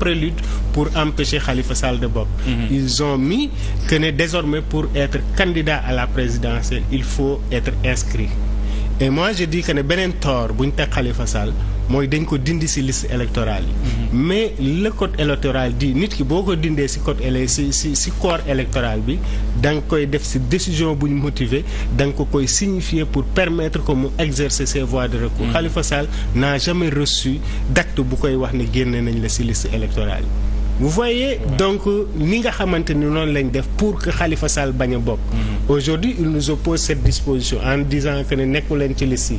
prélude pour empêcher Khalifa Sall de bokk. Mhm. ils ont mis que ne désormais pour être candidat à la présidentielle il faut être inscrit et moi je dis que ne beneen tort bu ñu teg Khalifa Sall. mooy dañ ko dindi ci liste électorale yi mhm. mais le code électoral di nit ki boo ko dindee ci code éle ci ci ci corps électoral bi da koy def ci décision bu ñu motiver da ko koy signifier pour permettre ko mu exercer ses voies de recours mhm. Khalifa Sall n'a jamais reçu d'acte bu koy wax ne génne nañ la ci liste électorale yi vous voyez donc ni nga xamante ni noonu lañ def pour que xalifa Sall bañ a bokk mhm. aujourd'hui il nous oppose cette disposition en disant que ne nekku leen ci liste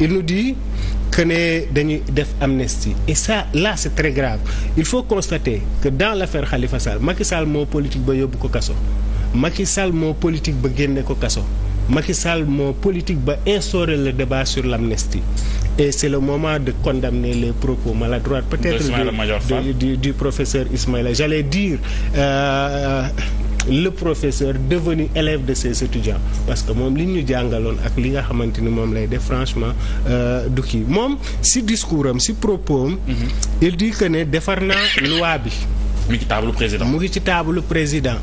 il nous dit que ne dañuy def amnistie et ça là c'est très grave il faut constater que dans l'affaire Khalifa Sall Macky Sall moo politique ba yóbbu ko kaso Macky Sall moo politique ba génne ko kaso Macky Sall moo politique ba instaurer le débat sur l'amnistie et c'est le moment de condamner les propos maladroits peut-être du, du, du, du professeur Ismaïla j'allais dire euh, le professeur devenu élève de ses étudiants parce que moom li ñu jàngaloon ak li nga xamante ni moom lay def franchement euh, du kii moom si discours am si propos am mhm. il dit que ne defar na loi bi mu ngi ci taabalu président mu ngi ci taabalu président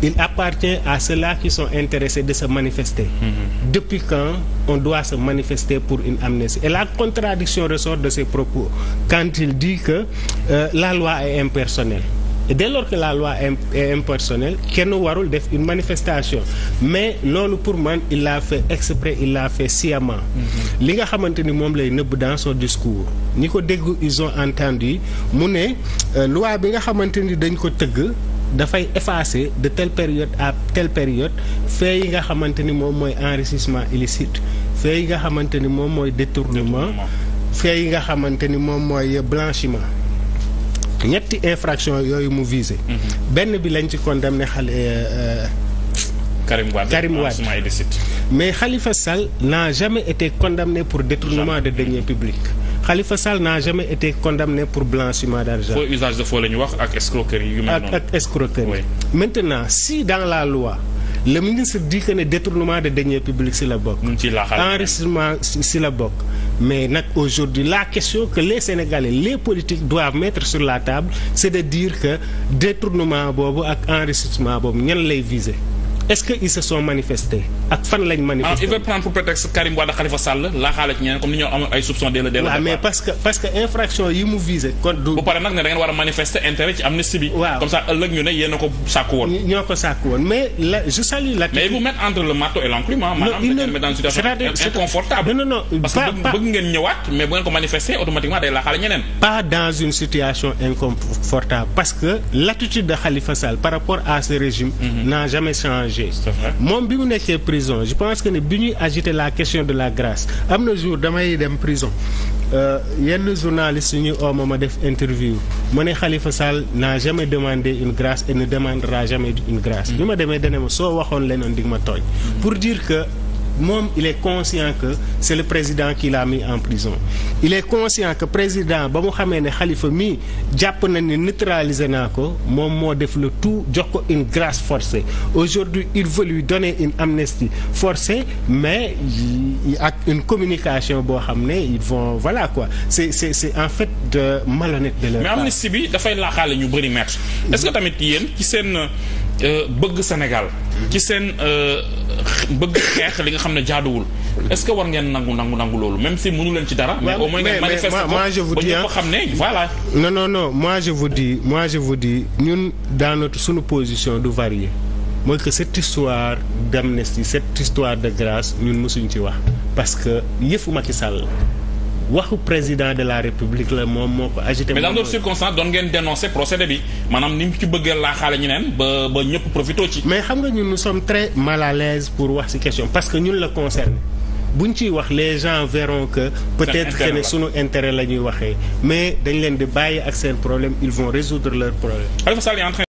il appartient à ceux-là qui sont intéressés de se manifester. Mmh. Depuis quand on doit se manifester pour une amnistie Et la contradiction ressort de ses propos quand il dit que euh, la loi est impersonnelle. et dès que la loi est kenn warul def une manifestation mais loolu pour man il l'a fait exprès il l'a fait sciemment mhm. li nga xamante ni moom lay nëbb dans son discours ñi ko dégg ils ont entendu mu ne euh, loi bi nga xamante ni dañ ko tëgg dafay effacer de telle période à telle période fee yi nga xamante ni moom mooy enrichissement illicite fee yi nga xamante ni moom mooy détournement fee yi nga xamante ni moom mooy blanchiment ñetti infraction yooyu mu visé. Mhm. benn bi lañ ci condamné xale. Euh, euh, Karim Wade Karim Wade mais Khalifa Sall n'a jamais été condamné pour détournement jamais. de deniers publics. xalifa Sall n'a jamais été condamné pour blanchiment d'argent. faux usage de faux la ñu wax ak escroquerie yu mel noonu. ak escroquerie. Oui. maintenant si dans la loi. le ministre dit que ne détournement de deniers publics ci la bokk. enrichissement si la bokk. mais nag aujourd'hui la question que les Sénégalais les politiques doivent mettre sur la table c'est de dire que détournement boobu ak enrichissement boobu ñan lay viser est-ce que ils se sont manifestés ak fan lañ manifester il veut prendre pour prétexte Karim Wade Khalifa ci ñeneen comme ni ñoo amoon ay soupçons dès le dès le départ mais parce que infraction yi mu visé kon du bu pare nag ne da ngeen a manifester intérêt ci amnistie bi waaw comme ça ëllëg ñu ne yéen a ko sàkku woon ñoo ko sàkku woon mais la je salue la mais vous mettre entre le marteau et l'enclume maanaam da ngeen bëgg ngeen ñëwaat mais bu ngeen ko manifester automatiquement day laaxaale ñeneen pas dans une prison je pense que ne bi ñuy agiter la question de la grâce am na jour damay dem prison Euh, yenn journaliste ñu ooma ma def interview ma ne xalifa Sall n'a jamais demandé une grâce et ne demandera jamais une grâce. Hmm. bi ma demee dana ma soo waxoon leneen di ma tooñ. pour dire que moom il est conscient que c'est le président qui l'a mis en prison il est conscient que président ba mu xamee ne xalifa mii jàpp na ne neutraliser naa ko moom moo def le tout jox ko une grâce forcée aujourd'hui il veut lui donner une amnistie forcée mais ak une communication boo xam ne ils vont voilà quoi c'est c'est c'est en fait de malhonnête de leur mais amnistie bi dafay laaxaale ñu bëri maître est que tamit yéen ci seen euh, bëgg Sénégal ci seen euh, bëgg xeex li nga xam ne jaaduwul est-ce que war ngeen nangu nangu nangu loolu même si mënu leen ci dara. mais au moins ngeen manifester ko ba ñëpp xam ne voilà. non non non moi je vous dis moi je vous dis ñun daanotu notre suñu position du varier mooy que cette histoire d'amnistie cette histoire de grâce ñun mësuñ ci wax parce que yëfu Macky Sall waxu président de la république la moom moo ko agité. mais dans d'autres circonstances doon ngeen dénoncer procédé bi maanaam ni ci bëggee laa xaale ñu neen ba ba ñëpp ci. mais xam nga ñu nous sommes très mal à pour wax ci question parce que ñun la bu buñ ci wax les gens verront que. peut-être que ne sunu intérêt la ñuy waxee mais dañ leen di bàyyi ak seen problème ils vont résoudre leur problème.